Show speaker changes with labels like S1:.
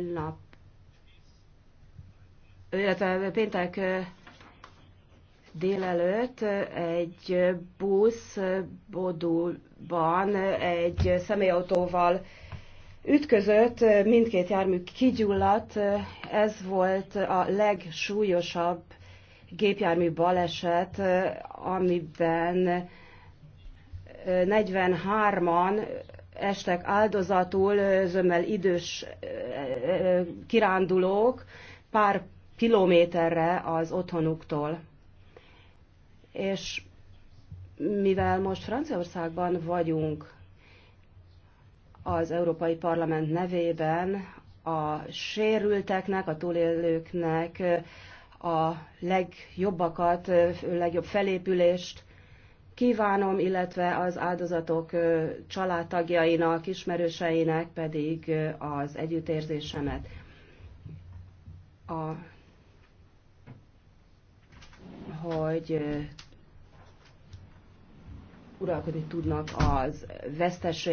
S1: holnap, illetve péntek délelőtt egy busz Bodulban egy személyautóval ütközött, mindkét jármű kigyulladt, ez volt a legsúlyosabb gépjármű baleset, amiben 43-an estek áldozatul, zömmel idős kirándulók pár kilométerre az otthonuktól. És mivel most Franciaországban vagyunk, az Európai Parlament nevében a sérülteknek, a túlélőknek a legjobbakat, legjobb felépülést kívánom, illetve az áldozatok családtagjainak, ismerőseinek pedig az együttérzésemet. A, hogy uralkodni tudnak az veszteség,